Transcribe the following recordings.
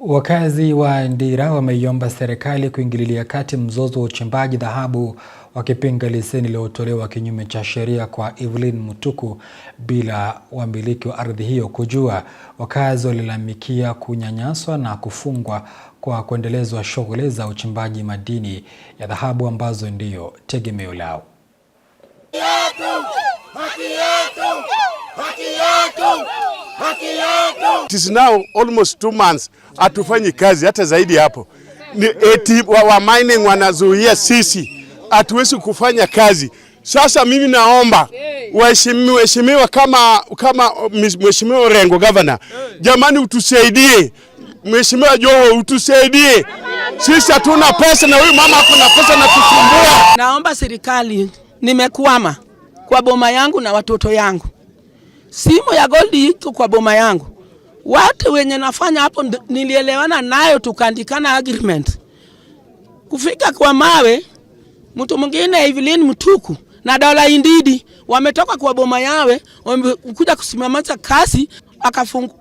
Wakazi wa Ndira wameiomba serikali kuingililia kati mzozo wa uchimbaji dhahabu wakipinga leseni iliyotolewa kinyume cha sheria kwa Evelyn Mutuku bila wamiliki wa ardhi hiyo kujua. Wakazi walilalamikia kunyanyaswa na kufungwa kwa kuendelezwa shughuli za uchimbaji madini ya dhahabu ambazo ndiyo tegemeo lao. Haki yetu! Haki yetu! Haki yetu! Haki yetu. It is now almost two months hatufanyi kazi hata zaidi hapo. Ni eti wa, wa mining wanazuia sisi, hatuwezi kufanya kazi. Sasa mimi naomba waheshimiwa kama, kama mheshimiwa Orengo governor, jamani, utusaidie. Mheshimiwa Joho utusaidie, sisi hatuna pesa na huyu mama hakuna pesa na kusumbua. Naomba serikali, nimekwama kwa boma yangu na watoto yangu. Simu ya Goldi iko kwa boma yangu, watu wenye nafanya hapo nilielewana nayo, tukaandikana agreement. Kufika kwa mawe, mtu mwingine Evelyn Mtuku na Dola Indidi wametoka kwa boma yawe, wamekuja kusimamisha kazi Akafunga,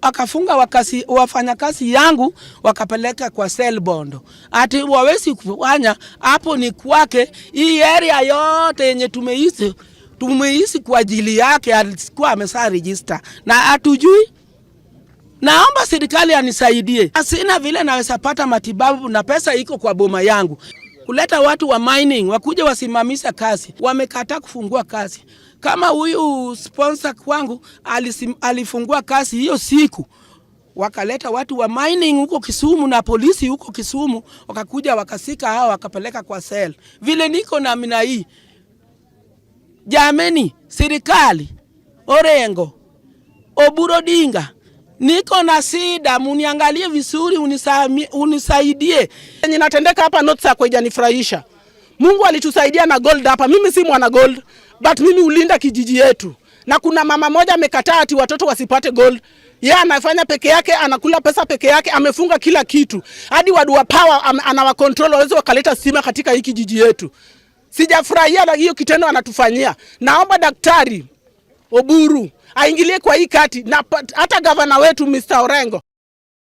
akafunga wakasi, wafanya kazi yangu wakapeleka kwa sel bondo, ati wawezi kufanya hapo. Ni kwake hii area yote yenye tumeishi tumeisi kwa ajili yake, alikuwa amesa register na hatujui. Naomba serikali anisaidie, asina vile naweza pata matibabu na pesa iko kwa boma yangu. Kuleta watu wa mining wakuja wasimamisha kazi, wamekataa kufungua kazi. Kama huyu sponsor kwangu alisim, alifungua kazi hiyo siku wakaleta watu wa mining huko Kisumu na polisi huko Kisumu wakakuja wakasika hao wakapeleka kwa sel. Vile niko na mina hii Jameni, sirikali Orengo, Oburu Odinga, niko na sida muniangalie vizuri, unisaidie. Yenye natendeka hapa not sawa, haijanifurahisha. Mungu alitusaidia na gold hapa. Mimi si mwana gold, but mimi ulinda kijiji yetu, na kuna mama moja amekataa ati watoto wasipate gold ye yeah, anafanya peke yake, anakula pesa peke yake, amefunga kila kitu hadi wadua power anawakontrol waweze wakaleta stima katika hii kijiji yetu. Sijafurahia hiyo kitendo anatufanyia. Naomba Daktari Oburu aingilie kwa hii kati na hata gavana wetu Mr. Orengo